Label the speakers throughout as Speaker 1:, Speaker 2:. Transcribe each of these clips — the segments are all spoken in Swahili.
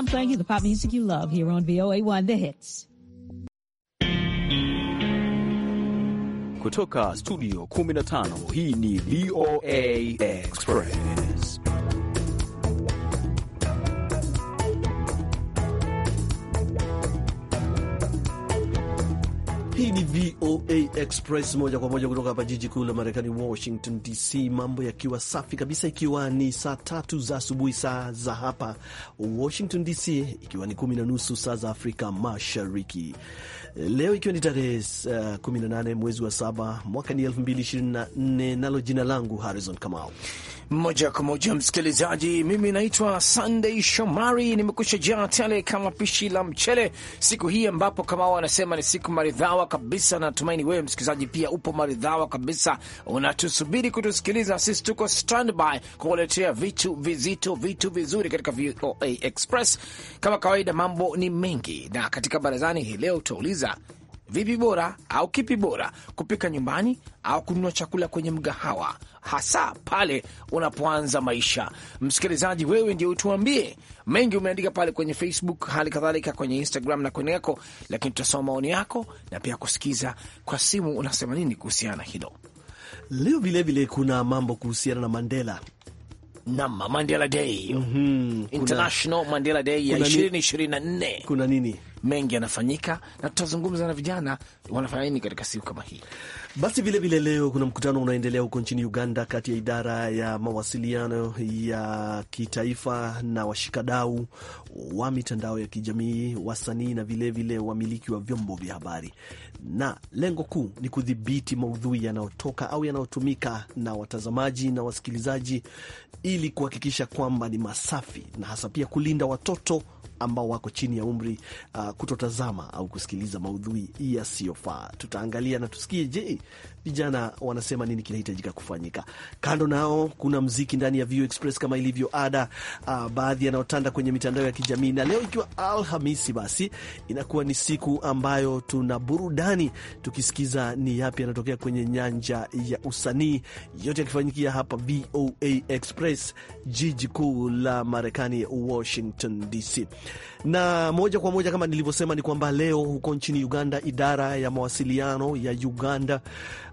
Speaker 1: I'm playing you the pop music you love here on VOA1 The Hits.
Speaker 2: Kutoka studio 15 hii ni VOA Express. Hii ni VOA Express moja kwa moja kutoka hapa jiji kuu la Marekani, Washington DC, mambo yakiwa safi kabisa, ikiwa ni saa tatu za asubuhi saa za hapa Washington DC, ikiwa ni kumi na nusu saa za Afrika Mashariki. Leo ikiwa ni tarehe uh, kumi uh, 18 mwezi wa saba mwaka ni elfu mbili ishirini na nne nalo jina langu Harrison
Speaker 3: Kamau. Moja kwa moja msikilizaji, mimi naitwa Sunday Shomari, nimekusha jaa tele kama pishi la mchele siku hii ambapo Kamau anasema ni siku maridhawa kabisa. Natumaini wewe msikilizaji pia upo maridhawa kabisa, unatusubiri kutusikiliza. Sisi tuko standby kukuletea vitu vizito, vitu vizuri katika VOA Express. Kama kawaida, mambo ni mengi, na katika barazani hii leo tutauliza vipi bora au kipi bora, kupika nyumbani au kununua chakula kwenye mgahawa, hasa pale unapoanza maisha. Msikilizaji, wewe ndio utuambie mengi. Umeandika pale kwenye Facebook, hali kadhalika kwenye Instagram na kwenyeko, lakini tutasoma maoni yako na pia kusikiza kwa simu, unasema nini kuhusiana na hilo. Leo vilevile kuna mambo kuhusiana na Mandela nam Mandela Day. Mm -hmm. International Mandela Day ya nne Kuna nini? mengi yanafanyika, na tutazungumza na vijana wanafanya nini katika siku kama hii.
Speaker 2: Basi vilevile leo kuna mkutano unaoendelea huko nchini Uganda kati ya idara ya mawasiliano ya kitaifa na washikadau wa mitandao ya kijamii, wasanii na vilevile wamiliki wa vyombo vya habari, na lengo kuu ni kudhibiti maudhui yanayotoka au yanayotumika na watazamaji na wasikilizaji ili kuhakikisha kwamba ni masafi na hasa pia kulinda watoto ambao wako chini ya umri uh, kutotazama au kusikiliza maudhui yasiyofaa. Tutaangalia na tusikie, je, vijana wanasema nini kinahitajika kufanyika. Kando nao kuna mziki ndani ya Vio Express kama ilivyo ada, uh, baadhi yanayotanda kwenye mitandao ya kijamii. Na leo ikiwa Alhamisi, basi inakuwa ni siku ambayo tuna burudani, tukisikiza ni yapi yanatokea kwenye nyanja ya usanii, yote yakifanyikia hapa VOA Express, jiji kuu la Marekani, Washington DC. Na moja kwa moja kama nilivyosema, ni kwamba leo huko nchini Uganda, idara ya mawasiliano ya Uganda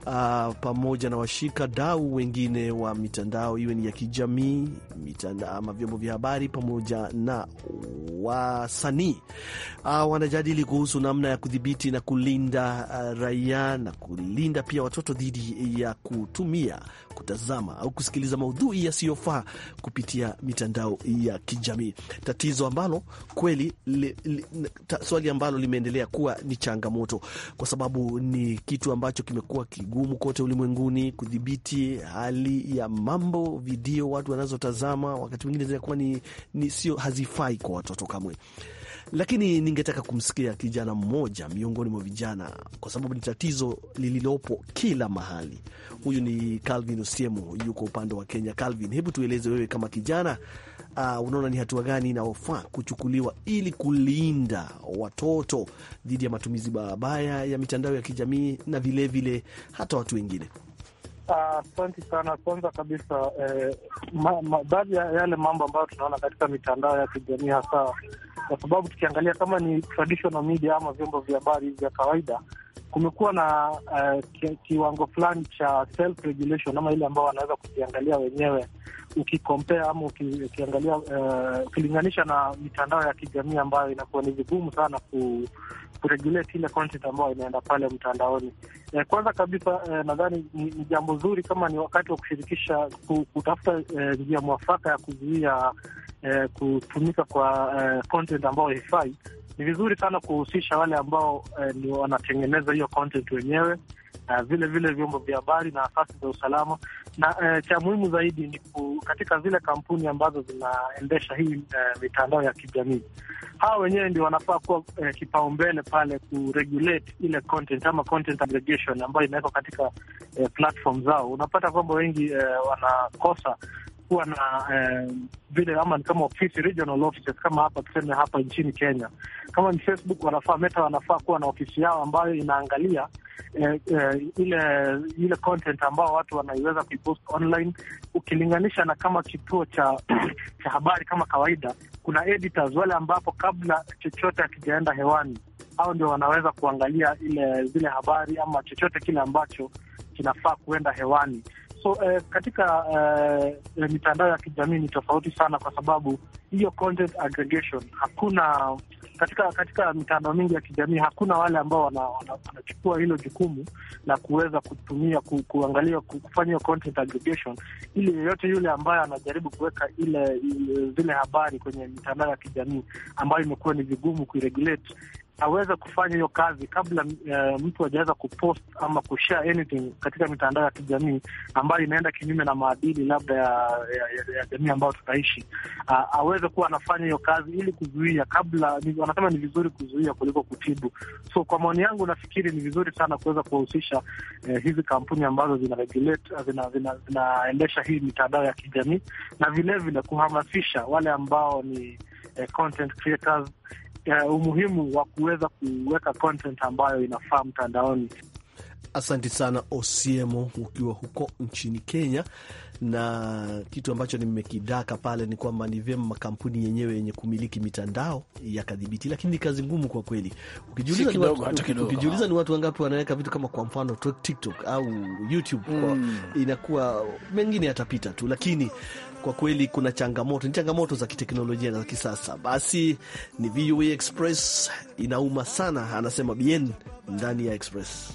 Speaker 2: uh, pamoja na washika dau wengine wa mitandao iwe ni ya kijamii mitanda, ama vyombo vya habari pamoja na wasanii uh, wanajadili kuhusu namna ya kudhibiti na kulinda uh, raia na kulinda pia watoto dhidi ya kutumia, kutazama au kusikiliza maudhui yasiyofaa kupitia mitandao ya kijamii, tatizo ambalo kweli li, li, ta, swali ambalo limeendelea kuwa ni changamoto, kwa sababu ni kitu ambacho kimekuwa kigumu kote ulimwenguni kudhibiti hali ya mambo, video watu wanazotazama wakati mwingine zinakuwa ni, ni sio hazifai kwa watoto kamwe lakini ningetaka kumsikia kijana mmoja miongoni mwa vijana, kwa sababu ni tatizo lililopo kila mahali. Huyu ni Calvin Osiemo, yuko upande wa Kenya. Calvin, hebu tueleze wewe kama kijana uh, unaona ni hatua gani inayofaa kuchukuliwa ili kulinda watoto dhidi ya matumizi mabaya ya mitandao ya kijamii na vilevile vile, hata watu wengine?
Speaker 4: Asante uh, sana. Kwanza kabisa eh, baadhi ya yale mambo ambayo tunaona katika mitandao ya kijamii hasa, kwa sababu tukiangalia kama ni traditional media ama vyombo vya habari vya kawaida, kumekuwa na uh, kiwango fulani cha self regulation ama ile ambao wanaweza kujiangalia wenyewe ukikompea ama ukiangalia uh, ukilinganisha na mitandao ya kijamii ambayo inakuwa ni vigumu sana ku kuregulate ile content ambayo inaenda pale mtandaoni. Eh, kwanza kabisa eh, nadhani ni jambo zuri kama ni wakati wa kushirikisha kutafuta eh, njia mwafaka ya kuzuia eh, kutumika kwa eh, content ambayo haifai ni vizuri sana kuhusisha wale ambao eh, ni wanatengeneza hiyo content wenyewe na vile vile vyombo vya habari na asasi za usalama na eh, cha muhimu zaidi ni ku, katika zile kampuni ambazo zinaendesha hii eh, mitandao ya kijamii, hawa wenyewe ndio wanafaa kuwa eh, kipaumbele pale kuregulate ile content ama content aggregation ambayo inawekwa katika eh, platform zao. Unapata kwamba wengi eh, wanakosa kuwa na eh, vile ama ni kama ofisi regional offices, kama hapa tuseme hapa nchini Kenya, kama ni Facebook wanafaa, Meta wanafaa kuwa na ofisi yao ambayo inaangalia eh, eh, ile ile content ambao watu wanaiweza kuipost online, ukilinganisha na kama kituo cha cha habari kama kawaida, kuna editors wale ambapo kabla chochote akijaenda hewani, au ndio wanaweza kuangalia ile zile habari ama chochote kile ambacho kinafaa kuenda hewani so, eh, katika eh, mitandao ya kijamii ni tofauti sana, kwa sababu hiyo content aggregation hakuna katika katika mitandao mingi ya kijamii hakuna wale ambao wanachukua wana, hilo jukumu la kuweza kutumia ku, kuangalia kufanya hiyo content aggregation, ili yeyote yule ambaye anajaribu kuweka ile zile habari kwenye mitandao ya kijamii ambayo imekuwa ni vigumu kuiregulate aweze kufanya hiyo kazi kabla uh, mtu hajaweza kupost ama kushare anything katika mitandao ya kijamii ambayo inaenda kinyume na maadili labda ya, ya, ya, ya jamii ambayo tutaishi. Uh, ah, aweze kuwa anafanya hiyo kazi ili kuzuia kabla. Wanasema ni vizuri kuzuia kuliko kutibu. So kwa maoni yangu, nafikiri ni vizuri sana kuweza kuwahusisha uh, hizi kampuni ambazo zinaendesha zina, zina hii mitandao ya kijamii na vilevile kuhamasisha wale ambao ni eh, content creators uh, umuhimu wa kuweza kuweka content ambayo inafaa mtandaoni.
Speaker 2: asanti sana Osiemo, ukiwa huko nchini Kenya. Na kitu ambacho nimekidaka pale ni kwamba ni vyema makampuni yenyewe yenye kumiliki mitandao yakadhibiti, lakini ni kazi ngumu kwa kweli. Ukijiuliza ni watu, ukijiuliza ni watu wangapi wanaweka vitu kama kwa mfano TikTok au YouTube mm, kwa, hmm. inakuwa mengine yatapita tu, lakini kwa kweli kuna changamoto, ni changamoto za kiteknolojia na za kisasa. Basi ni VOA Express inauma sana, anasema Bien ndani ya Express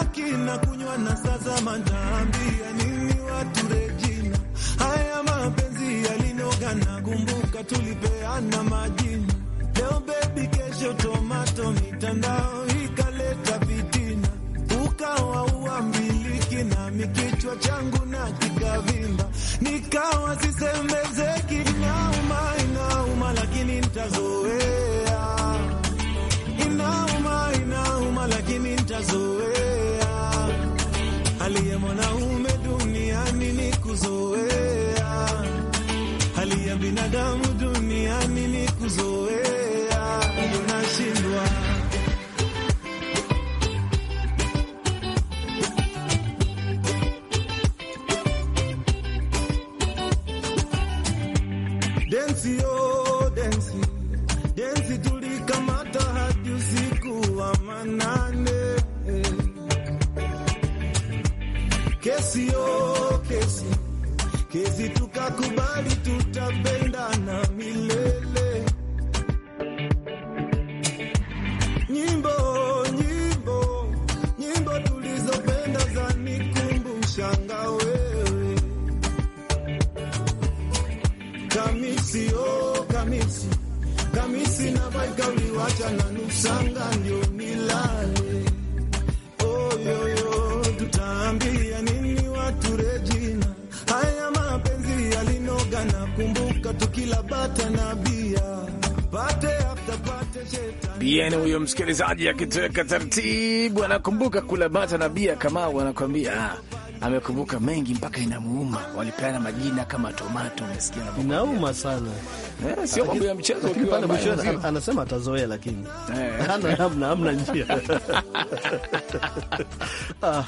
Speaker 1: akina kunywa na sasa nini watu haya mapenzi yalinoga tulipeana majina leo bebi, kesho tomato mitandao hii nikawa uambiliki, nami kichwa changu na kikavimba, nikawa sisemezeki, inauma inauma, lakini nitazoea. Inauma inauma, lakini nitazoea. Aliye mwanaume duniani ni kuzoea, hali ya binadamu duniani ni kuzoea, unashindwa
Speaker 3: msikilizaji akitoweka taratibu, anakumbuka kula bata na bia. Kamau anakuambia ah, amekumbuka mengi mpaka inamuuma. Walipeana majina kama tomato, umesikia? Inauma sana, eh, sio mambo ya mchezo.
Speaker 2: Anasema atazoea, lakini eh. namna hamna njia
Speaker 3: ah.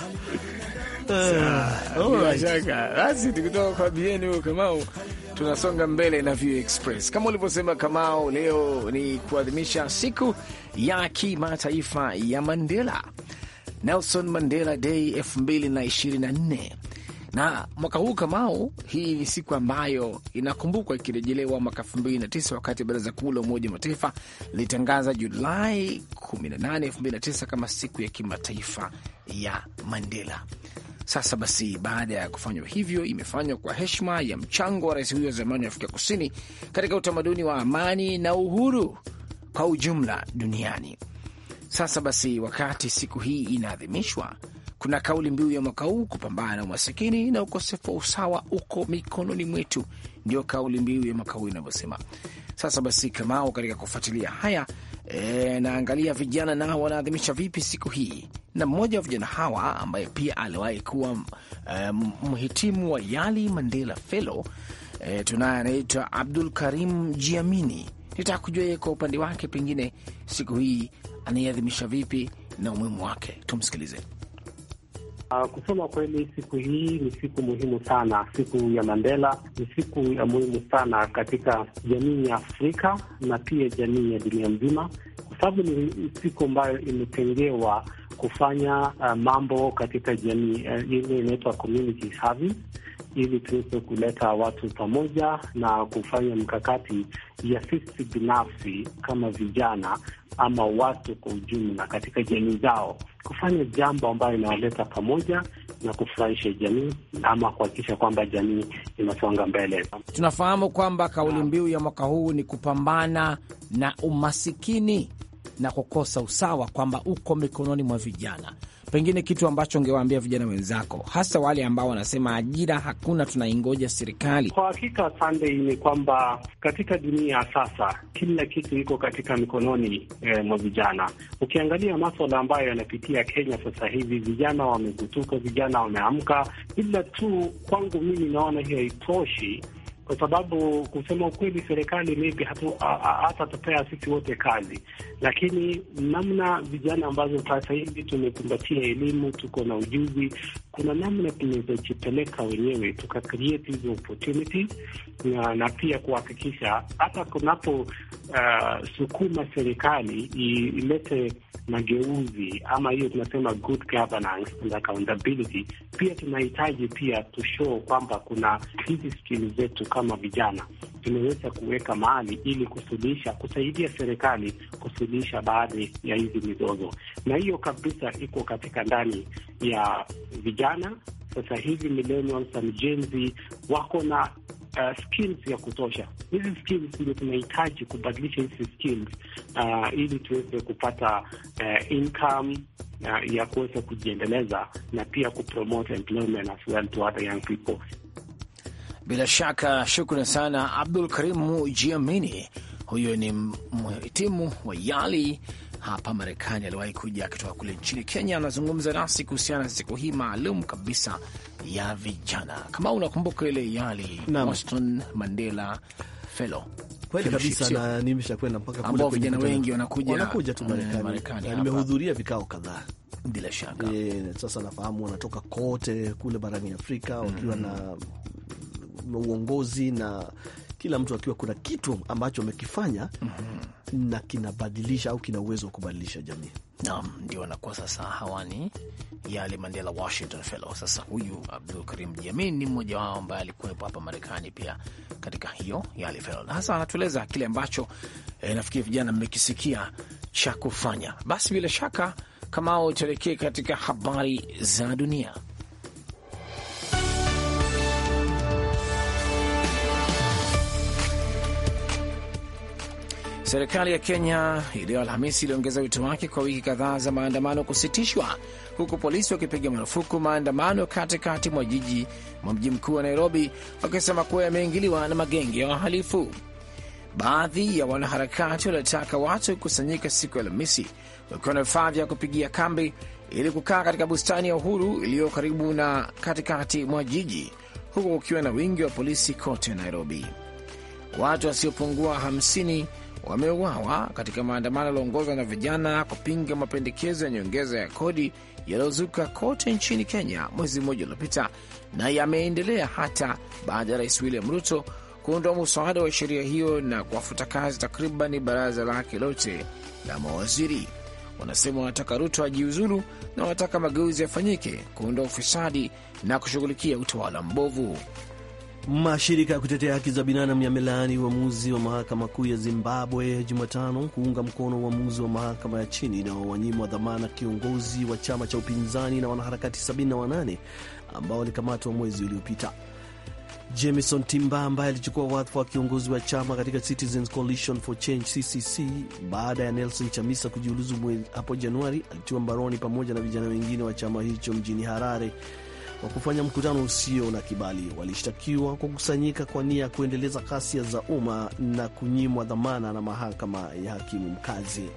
Speaker 3: Basi tukitoka kwa BN huyo Kamau, tunasonga mbele na View Express. Kama ulivyosema Kamau, leo ni kuadhimisha siku ya kimataifa ya Mandela, Nelson Mandela Day 2024 na mwaka huu Kamao, hii ni siku ambayo inakumbukwa ikirejelewa mwaka elfu mbili na tisa wakati baraza kuu la Umoja wa Mataifa lilitangaza Julai 18 2009 kama siku ya kimataifa ya Mandela. Sasa basi, baada ya kufanywa hivyo, imefanywa kwa heshima ya mchango wa rais huyo wa zamani wa Afrika Kusini katika utamaduni wa amani na uhuru kwa ujumla duniani. Sasa basi, wakati siku hii inaadhimishwa, kuna kauli mbiu ya mwaka huu, kupambana na umasikini na ukosefu wa usawa uko mikononi mwetu, ndio kauli mbiu ya mwaka huu inavyosema. Sasa basi, Kamao, katika kufuatilia haya e, naangalia vijana nao wanaadhimisha vipi siku hii, na mmoja wa vijana hawa ambaye pia aliwahi kuwa um, mhitimu wa Yali Mandela Fellow e, tunaye anaitwa Abdul Karim Jiamini. Nitaka kujua yeye kwa upande wake, pengine siku hii anaiadhimisha vipi na umuhimu wake. Tumsikilize.
Speaker 4: Uh, kusema kweli, siku hii ni siku muhimu sana. Siku ya Mandela ni siku ya muhimu sana katika jamii ya Afrika na pia jamii ya dunia mzima, kwa sababu ni siku ambayo imetengewa kufanya uh, mambo katika jamii ah, ile inaitwa community service ili tuweze kuleta watu pamoja na kufanya mkakati ya sisi binafsi kama vijana ama watu kwa ujumla katika jamii zao kufanya jambo ambayo inawaleta pamoja na kufurahisha jamii ama kuhakikisha kwamba jamii inasonga mbele.
Speaker 3: Tunafahamu kwamba kauli mbiu ya mwaka huu ni kupambana na umasikini na kukosa usawa kwamba uko mikononi mwa vijana. Pengine kitu ambacho ungewaambia vijana wenzako, hasa wale ambao wanasema ajira hakuna, tunaingoja serikali.
Speaker 4: Kwa hakika, Sunday, ni kwamba katika dunia ya sasa kila kitu iko katika mikononi eh, mwa vijana. Ukiangalia maswala ambayo yanapitia Kenya sasa hivi, vijana wamegutuka, vijana wameamka, ila tu kwangu mimi naona hiyo haitoshi kwa sababu kusema ukweli, serikali maybe hata tupea sisi wote kazi, lakini namna vijana ambazo sasa hivi tumekumbatia elimu, tuko na ujuzi, kuna namna tunawezojipeleka wenyewe tuka create hizo opportunity na, na pia kuhakikisha hata kunapo uh, sukuma serikali ilete mageuzi ama hiyo tunasema good governance and accountability. Pia tunahitaji pia tushoo kwamba kuna hizi skili zetu kama vijana imeweza kuweka mali ili kusuluhisha, kusaidia serikali kusuluhisha baadhi ya hizi mizozo, na hiyo kabisa iko katika ndani ya vijana. Sasa hivi millennials na wako na Uh, skills ya kutosha. Hizi skills ndio tunahitaji kubadilisha hizi skills uh, ili tuweze kupata uh, income uh, ya kuweza kujiendeleza na pia kupromote employment as well to other
Speaker 3: young people. Bila shaka shukran sana Abdul Karimu Jiamini, huyo ni mhitimu wa YALI hapa Marekani, aliwahi kuja akitoka kule nchini Kenya. Anazungumza nasi kuhusiana na siku hii maalum kabisa ya vijana. Kama unakumbuka ile YALI Boston Mandela Fellow kweli kabisa, na nimeshakwenda mpaka kule, ambao vijana wengi wanakuja wanakuja tu Marekani. Nimehudhuria
Speaker 2: vikao kadhaa bila shaka. E, sasa nafahamu wanatoka kote kule barani Afrika wakiwa mm -hmm. na uongozi na kila mtu akiwa kuna kitu
Speaker 3: ambacho amekifanya mm -hmm. na
Speaker 2: kinabadilisha au kina uwezo wa kubadilisha jamii.
Speaker 3: Naam, ndio anakuwa sasa hawani yale Mandela Washington Fellow. Sasa huyu Abdul Karim Jamin ni mmoja wao ambaye alikuwepo hapa Marekani pia katika hiyo yale fellow, na hasa anatueleza kile ambacho eh, nafikiri vijana mmekisikia cha kufanya. Basi bila shaka, ao tuelekee katika habari za dunia. Serikali ya Kenya iliyo Alhamisi iliongeza wito wake kwa wiki kadhaa za maandamano kusitishwa, huku polisi wakipiga marufuku maandamano katikati mwa jiji mwa mji mkuu wa Nairobi, wakisema kuwa yameingiliwa na magenge ya wahalifu. Baadhi ya wanaharakati waliotaka watu kukusanyika siku ya Alhamisi wakiwa na vifaa vya kupigia kambi ili kukaa katika bustani ya Uhuru iliyo karibu na katikati mwa jiji, huku kukiwa na wingi wa polisi kote Nairobi. Watu wasiopungua hamsini wameuawa katika maandamano yaliongozwa na vijana kupinga mapendekezo ya nyongeza ya kodi yaliyozuka kote nchini Kenya mwezi mmoja uliopita na yameendelea hata baada ya Rais William Ruto kuondoa msaada wa sheria hiyo na kuwafuta kazi takriban baraza lake lote la mawaziri. Wanasema wanataka Ruto ajiuzulu na wanataka mageuzi yafanyike kuondoa ufisadi na kushughulikia utawala mbovu.
Speaker 2: Mashirika ya kutetea haki za binadamu yamelaani uamuzi wa mahakama kuu ya Zimbabwe Jumatano kuunga mkono uamuzi wa mahakama ya chini inayowanyima dhamana kiongozi wa chama cha upinzani na wanaharakati 78 ambao walikamatwa mwezi uliopita. Jameson Timba ambaye alichukua wadhifa wa kiongozi wa chama katika Citizens Coalition for Change CCC baada ya Nelson Chamisa kujiuluzu hapo Januari, alitiwa mbaroni pamoja na vijana wengine wa chama hicho mjini Harare kwa kufanya mkutano usio na kibali. Walishtakiwa kwa kwa nia ya kuendeleza ghasia za umma na kunyimwa
Speaker 3: dhamana na mahakama ya hakimu mkazi.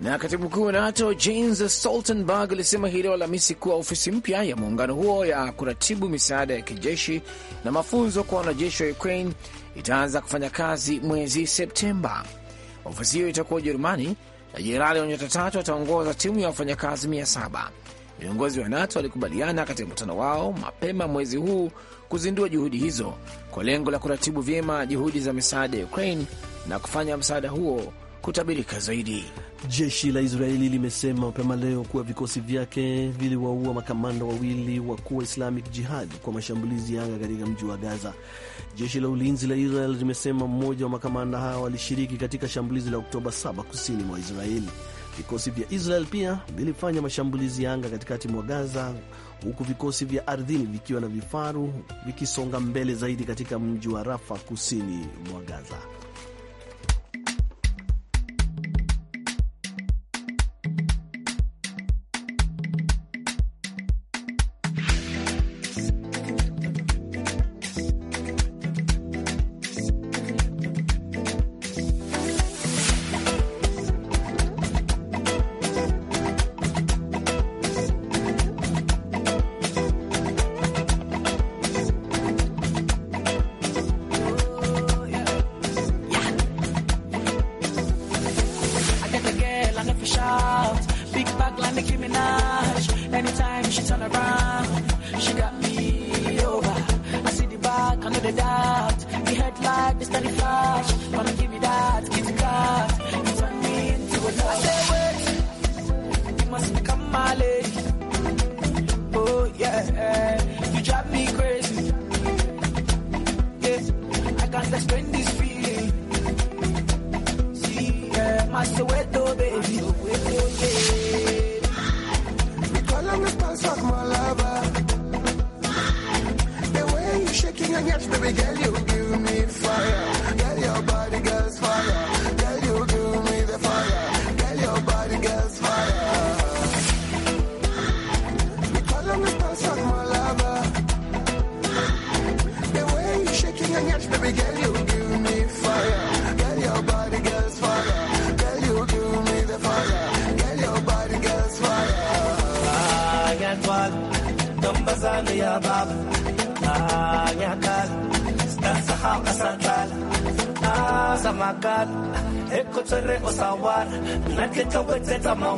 Speaker 3: Na katibu mkuu wa NATO Jens Stoltenberg alisema hii leo Alhamisi kuwa ofisi mpya ya muungano huo ya kuratibu misaada ya kijeshi na mafunzo kwa wanajeshi wa Ukraine itaanza kufanya kazi mwezi Septemba. Ofisi hiyo itakuwa Ujerumani na jenerali wa nyota tatu ataongoza timu ya wafanyakazi mia saba Viongozi wa NATO walikubaliana katika mkutano wao mapema mwezi huu kuzindua juhudi hizo kwa lengo la kuratibu vyema juhudi za misaada ya Ukraine na kufanya msaada huo kutabirika zaidi. Jeshi la
Speaker 2: Israeli limesema mapema leo kuwa vikosi vyake viliwaua makamanda wawili wakuu wa Islamic Jihad kwa mashambulizi ya anga katika mji wa Gaza. Jeshi la ulinzi la Israel limesema mmoja wa makamanda hao alishiriki katika shambulizi la Oktoba 7 kusini mwa Israeli. Vikosi vya Israel pia vilifanya mashambulizi ya anga katikati mwa Gaza, huku vikosi vya ardhini vikiwa na vifaru vikisonga mbele zaidi katika mji wa Rafa kusini mwa Gaza.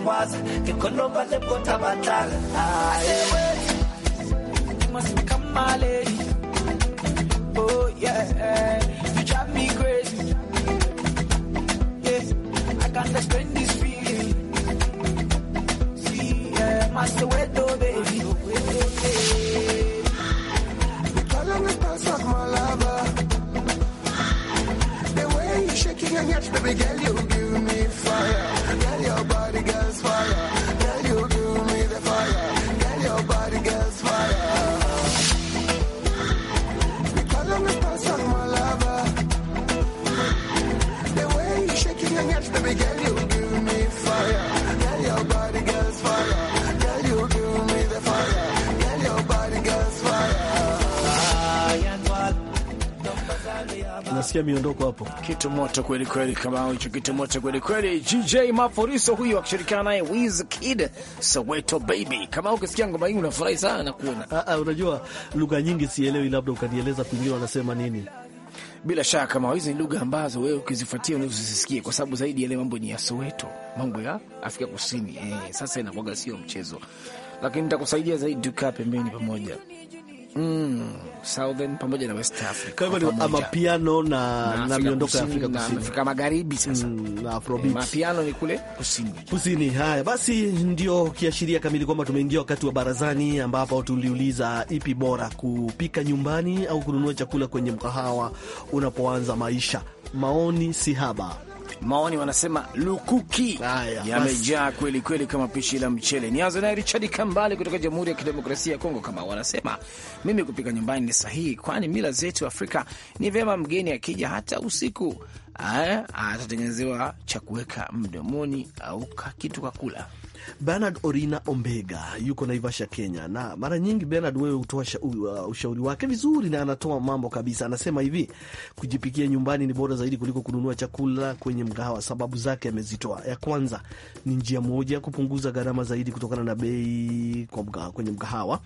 Speaker 1: was. You could not but the you must become my lady. Oh, yeah. You drive me crazy. Yeah, I can't explain this feeling. See, yeah, master, wait, though, baby. and yet, baby girl, you give me fire.
Speaker 3: umetuachia miondoko hapo, kitu moto kweli kweli, kama hicho kitu moto kweli kweli. GJ Maforiso huyo akishirikiana naye Wizkid, Soweto Baby. Kama ukisikia ngoma hii unafurahi sana na
Speaker 2: kuona ah ah, unajua lugha nyingi sielewi, labda ukanieleza kwingine wanasema nini?
Speaker 3: Bila shaka kama hizi ni lugha ambazo wewe ukizifuatia unaweza usisikie, kwa sababu zaidi yale mambo ni ya Soweto, mambo ya Afrika Kusini. Eh, sasa inakuwa sio mchezo, lakini nitakusaidia zaidi, tukaa pembeni pamoja mm, Southern pamoja na West Africa. Kwa hivyo amapiano na na miondoko ya Afrika Kusini. Afrika
Speaker 2: Magharibi sasa. Mm, na Afrobeat. Eh, mapiano ni kule kusini. Kusini. Haya basi ndio kiashiria kamili kwamba tumeingia wakati wa barazani ambapo tuliuliza ipi bora kupika nyumbani au kununua chakula kwenye mkahawa unapoanza maisha. Maoni si
Speaker 3: haba maoni wanasema lukuki yamejaa kweli kweli kama pishi la mchele. Nianze naye Richard Kambale kutoka Jamhuri ya Kidemokrasia ya Kongo, kama wanasema mimi kupika nyumbani ni sahihi, kwani mila zetu Afrika ni vyema mgeni akija hata usiku eh, atatengenezewa cha kuweka mdomoni au kitu
Speaker 2: kakula. Bernard Orina Ombega yuko Naivasha, Kenya, na mara nyingi Bernard, wewe hutoa uh, ushauri wake vizuri na anatoa mambo kabisa. Anasema hivi, kujipikia nyumbani ni bora zaidi kuliko kununua chakula kwenye mgahawa. Sababu zake amezitoa. Ya kwanza ni njia moja ya kupunguza gharama zaidi kutokana na bei kwenye mgahawa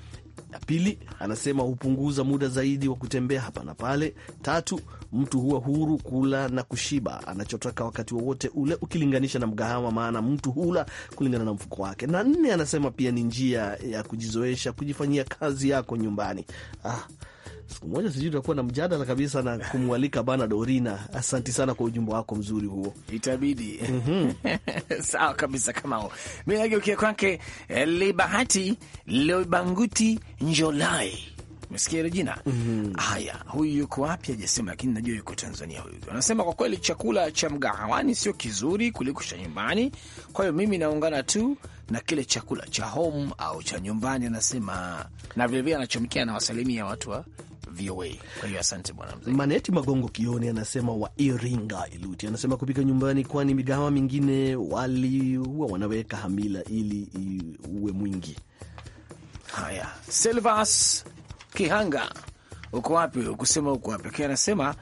Speaker 2: ya pili, anasema hupunguza muda zaidi wa kutembea hapa na pale. Tatu, mtu huwa huru kula na kushiba anachotaka wakati wowote wa ule, ukilinganisha na mgahawa, maana mtu hula kulingana na mfuko wake. Na nne, anasema pia ni njia ya kujizoesha kujifanyia kazi yako nyumbani. Ah, siku moja sijui tutakuwa na mjadala kabisa na kumwalika bana Dorina. Asanti sana kwa ujumbe wako mzuri huo, itabidi mm
Speaker 3: -hmm. sawa kabisa. Kamao mi nageukia kwake eh, Lebahati Lebanguti Njolai Mesikia hilo jina mm -hmm. Haya, huyu yuko wapi ajasema, lakini najua yuko Tanzania. Huyu anasema kwa kweli chakula cha mgahawani sio kizuri kuliko cha nyumbani, kwa hiyo mimi naungana tu na kile chakula cha home au cha nyumbani, anasema na vilevile anachomkia anawasalimia watu wa VOA. Kwa hiyo asante bwana mzee.
Speaker 2: Maneti Magongo Kioni anasema wa Iringa Iluti anasema kupika nyumbani, kwani migahawa mingine wali huwa wanaweka
Speaker 3: hamila ili uwe mwingi. Haya, Silvas Kihanga, uko wapi? Ukusema uko wapi? Lakini anasema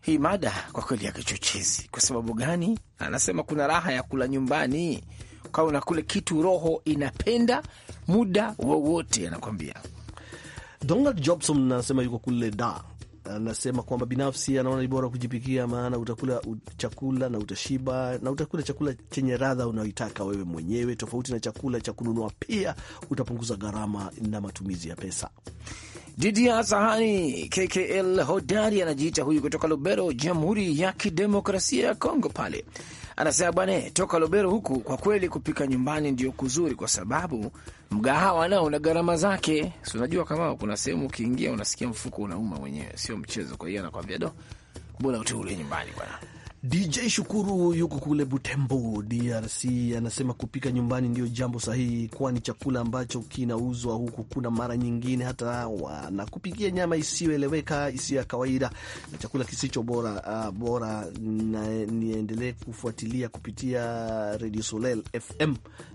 Speaker 3: hii mada kwa kweli ya kichochezi. Kwa sababu gani? Anasema kuna raha ya kula nyumbani, kwa unakule kitu roho inapenda muda wowote, anakwambia
Speaker 2: Donald Jobson nasema yuko kule da anasema kwamba binafsi anaona ni bora kujipikia, maana utakula chakula na utashiba na utakula chakula chenye radha unayoitaka wewe mwenyewe,
Speaker 3: tofauti na chakula cha kununua. Pia utapunguza gharama na matumizi ya pesa. Didi ya sahani kkl hodari anajiita huyu kutoka Lubero, Jamhuri ya Kidemokrasia ya Kongo pale anasema bwana, eh, toka Lobero huku kwa kweli kupika nyumbani ndio kuzuri, kwa sababu mgahawa nao una gharama zake. Si unajua kama kuna sehemu ukiingia unasikia mfuko unauma mwenyewe, sio mchezo. Kwa hiyo anakwambia do, mbona ute nyumbani bwana.
Speaker 2: DJ Shukuru yuko kule Butembo, DRC, anasema kupika nyumbani ndio jambo sahihi, kwani chakula ambacho kinauzwa huku kuna mara nyingine hata wanakupikia nyama isiyoeleweka, isiyo ya kawaida na chakula kisicho bora. Uh, bora niendelee kufuatilia kupitia Radio Soleil FM,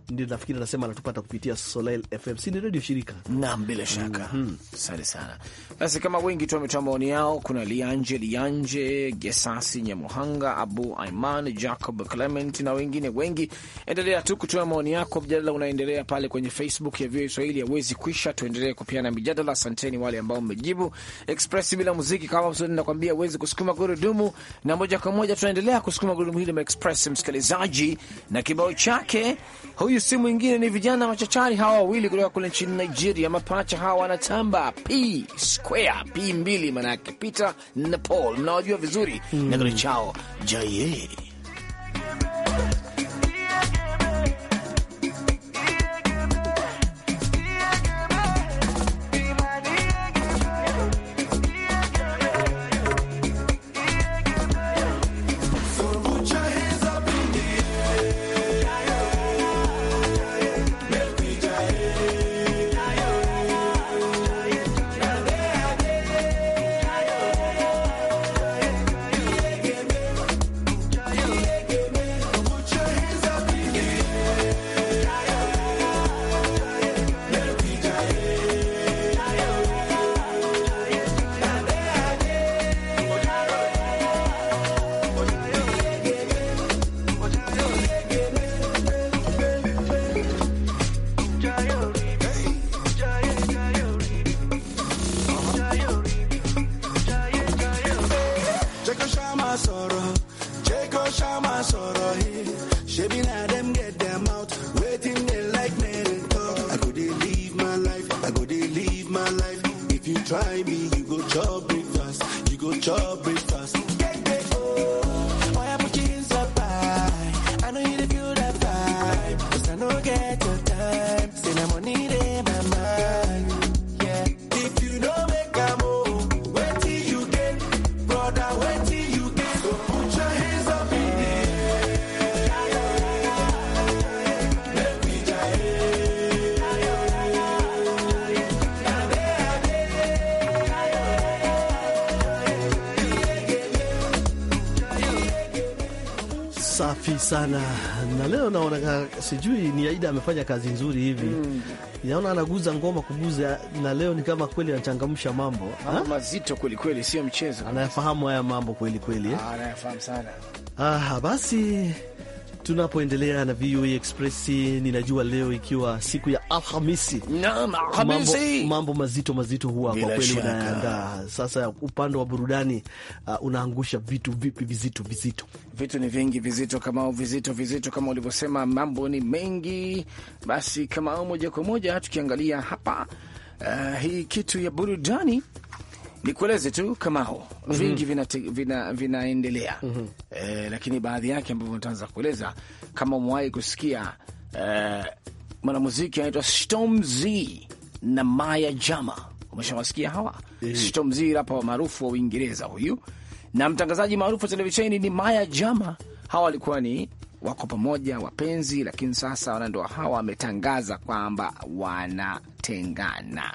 Speaker 3: ndio nafikiri anasema anatupata kupitia Soleil FM, si ni radio shirika? Naam, bila shaka. Mm -hmm. Sare sana. Basi kama wengi tu wametoa maoni yao, kuna Lianje Lianje Gesasi Nyamuhanga Abu Aiman, Jacob Clement na wengine wengi. Endelea tu kutoa maoni yako, mjadala unaendelea pale kwenye Facebook ya VOA Swahili, hawezi kuisha. Tuendelee kupiana mijadala. Asanteni wale ambao mmejibu. Express bila muziki kama nakwambia huwezi kusukuma gurudumu, na moja kwa moja tunaendelea kusukuma gurudumu hili Express msikilizaji, na kibao chake huyu si mwingine ni vijana machachari hawa wawili kutoka kule nchini Nigeria, mapacha hawa wanatamba P square P mbili, maana yake Peter na Paul, mnawajua vizuri mm. na kile chao जाइए
Speaker 2: sana na leo naona sijui ni Aida amefanya kazi nzuri hivi mm. Naona anaguza ngoma kuguza, na leo ni kama kweli anachangamsha mambo ah,
Speaker 3: mazito kweli kweli, sio mchezo.
Speaker 2: Anayafahamu haya mambo kweli kweli, eh? ah,
Speaker 3: anayafahamu sana.
Speaker 2: Ah, basi tunapoendelea na VOA Express. Ninajua leo ikiwa siku ya Alhamisi, mambo, mambo mazito mazito huwa kwa kweli unaandaa. Sasa upande wa burudani uh, unaangusha vitu vipi vizito vizito?
Speaker 3: Vitu ni vingi vizito, kama vizito vizito kama ulivyosema, mambo ni mengi. Basi kama moja kwa moja tukiangalia hapa uh, hii kitu ya burudani Nikueleze tu Kamao, mm -hmm. vingi mhm. vinaendelea vina, vina mm -hmm. eh, lakini baadhi yake ambavyo nitaanza kueleza kama umewahi kusikia eh, mwanamuziki anaitwa Stormzy na Maya Jama. Umeshawasikia hawa? mm -hmm. Stormzy rapa maarufu wa Uingereza huyu na mtangazaji maarufu wa televisheni ni Maya Jama. Hawa walikuwa ni wako pamoja wapenzi, lakini sasa wanandoa hawa wametangaza kwamba wanatengana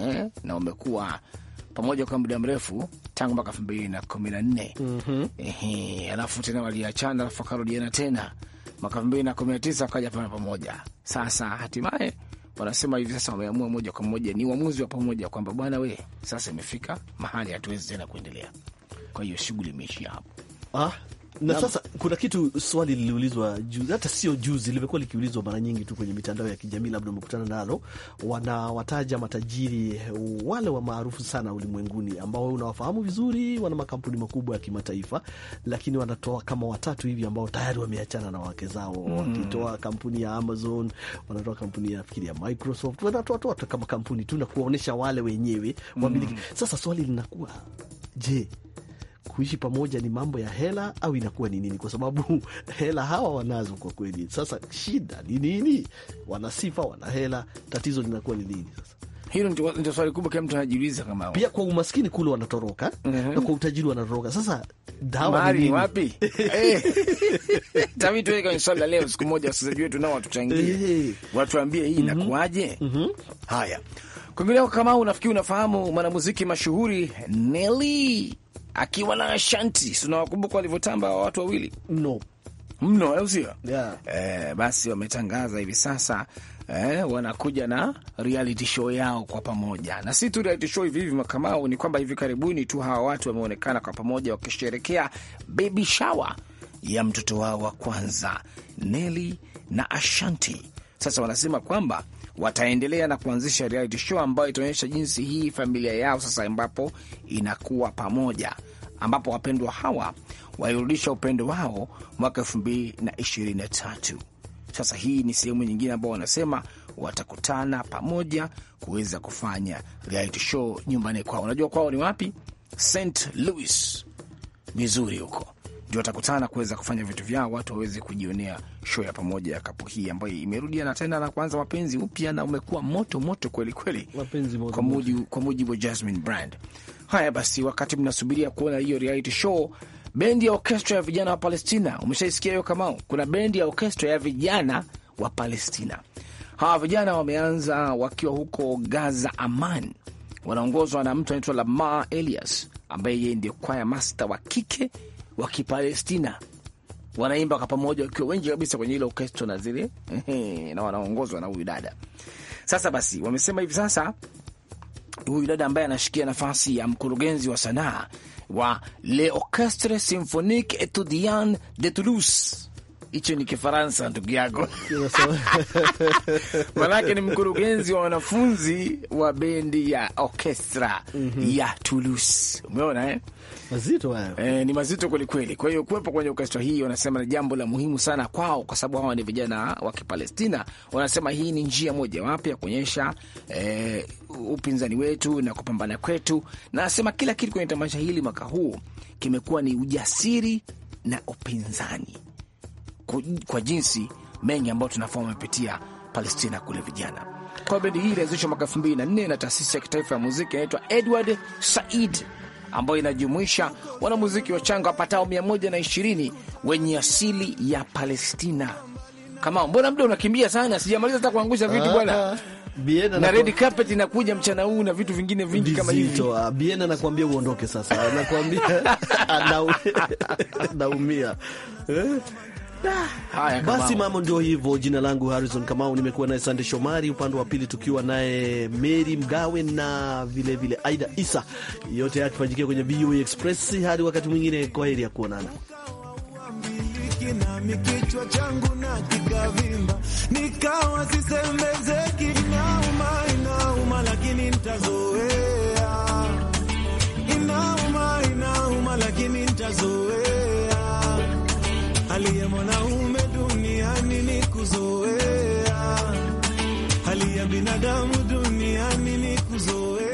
Speaker 3: eh, na wamekuwa pamoja kwa muda mrefu tangu mwaka elfu mbili na kumi na nne mhm. alafu tena waliachana, alafu wakarudiana tena mwaka elfu mbili na kumi na tisa wakaja pana pamoja. Sasa hatimaye wanasema hivi sasa wameamua moja kwa moja, ni uamuzi wa pamoja kwamba bwana we, sasa imefika mahali hatuwezi tena kuendelea, kwa hiyo shughuli imeishia hapo.
Speaker 2: Ah, na sasa kuna kitu swali liliulizwa juzi, hata sio juzi, limekuwa likiulizwa mara nyingi tu kwenye mitandao ya kijamii, labda umekutana nalo. Wanawataja matajiri wale wa maarufu sana ulimwenguni ambao unawafahamu vizuri, wana makampuni makubwa ya kimataifa, lakini wanatoa kama watatu hivi ambao tayari wameachana na wake zao mm. wakitoa kampuni ya Amazon, wanatoa kampuni ya fikiri ya Microsoft, wanatoa toa kama kampuni tu na kuwaonyesha wale wenyewe wamiliki hmm. mm. Sasa swali linakuwa je, kuishi pamoja ni mambo ya hela au inakuwa ni nini? Kwa sababu hela hawa wanazo kwa kweli. Sasa shida ni nini? Wana sifa, wana hela, tatizo linakuwa ni nini sasa? Hilo ndio swali kubwa, kila mtu anajiuliza. Kama pia kwa umaskini kule wanatoroka mm -hmm. na kwa utajiri wanatoroka. Sasa dawa ni nini?
Speaker 3: wapi? Eh. Tabidi tuweke kwenye swali la leo, siku moja wasikilizaji wetu nao watuchangie, eh. watuambie hii mhm. inakuwaje. mm -hmm. mm -hmm. Haya, kwingineko, kama unafikiri unafahamu mwanamuziki mashuhuri Nelly akiwa na Ashanti. Unawakumbuka walivyotamba hawa watu wawili no mno, au eh, sio? Yeah. Eh, basi wametangaza hivi sasa eh, wanakuja na reality show yao kwa pamoja, na si tu reality show hivi hivi Makamau, ni kwamba hivi karibuni tu hawa watu wameonekana kwa pamoja wakisherekea baby shower ya mtoto wao wa kwanza Nelly na Ashanti. Sasa wanasema kwamba wataendelea na kuanzisha reality show ambayo itaonyesha jinsi hii familia yao sasa, ambapo inakuwa pamoja, ambapo wapendwa hawa walirudisha upendo wao mwaka elfu mbili na ishirini na tatu. Sasa hii ni sehemu nyingine ambao wanasema watakutana pamoja kuweza kufanya reality show nyumbani kwao. Unajua kwao ni wapi? St Louis, Missouri huko ndio watakutana kuweza kufanya vitu vyao, watu waweze kujionea show ya pamoja ya kapu hii ambayo imerudia na tena na kuanza mapenzi upya na umekuwa moto moto kweli kweli, kwa mujibu wa Jasmine Brand. Haya basi, wakati mnasubiria kuona hiyo reality show, bendi ya orkestra ya vijana wa Palestina, umeshaisikia hiyo Kamau? Kuna bendi ya orkestra ya vijana wa Palestina. Hawa vijana wameanza wakiwa huko Gaza, Aman, wanaongozwa na mtu anaitwa Lamar Elias ambaye yeye ndiye kwaya master wa kike wa Kipalestina wanaimba kwa pamoja wakiwa wengi kabisa kwenye ile orkestra na zile na wanaongozwa na huyu dada. Sasa basi, wamesema hivi sasa huyu dada ambaye anashikia nafasi ya mkurugenzi wa sanaa wa Le Orchestre Symphonique Etudiant de Toulouse hicho ni Kifaransa ndugu yako manake ni mkurugenzi wa wanafunzi wa bendi ya orkestra mm -hmm. ya Toulouse. Umeona eh? Mazito haya. Eh, ni mazito kwelikweli. Kwa hiyo kuwepo kwenye orkestra hii wanasema ni jambo la muhimu sana kwao, kwa sababu hawa ni vijana wa Kipalestina. Wanasema hii ni njia moja wapya ya kuonyesha eh, upinzani wetu na kupambana kwetu, na nasema kila kitu kwenye tamasha hili mwaka huu kimekuwa ni ujasiri na upinzani kwa jinsi mengi ambayo tunafaa wamepitia Palestina kule vijana. Kwa bendi hii ilianzishwa mwaka elfu mbili na nne na taasisi ya kitaifa ya muziki inaitwa Edward Said ambayo inajumuisha wanamuziki wachanga wapatao mia moja na ishirini wenye asili ya Palestina. Kama mbona mda unakimbia sana, sijamaliza hata kuangusha vitu ah, bwana. Biena na red carpet inakuja mchana huu na vitu vingine vingi kama hivi.
Speaker 2: Ah, Biena nakwambia uondoke sasa, nakwambia naumia. Eh? Haya, basi mambo ndio hivyo. Jina langu Harrison Kamau, nimekuwa naye Sande Shomari upande wa pili, tukiwa naye Meri Mgawe na vilevile vile Aida Isa. Yote haya tufanyikia kwenye VOA Express. Hadi wakati mwingine, kwa heri ya kuonana.
Speaker 1: nitazoea. Inauma inauma, lakini nitazoea hali mwanaume duniani ni kuzoea, hali ya binadamu duniani ni kuzoea.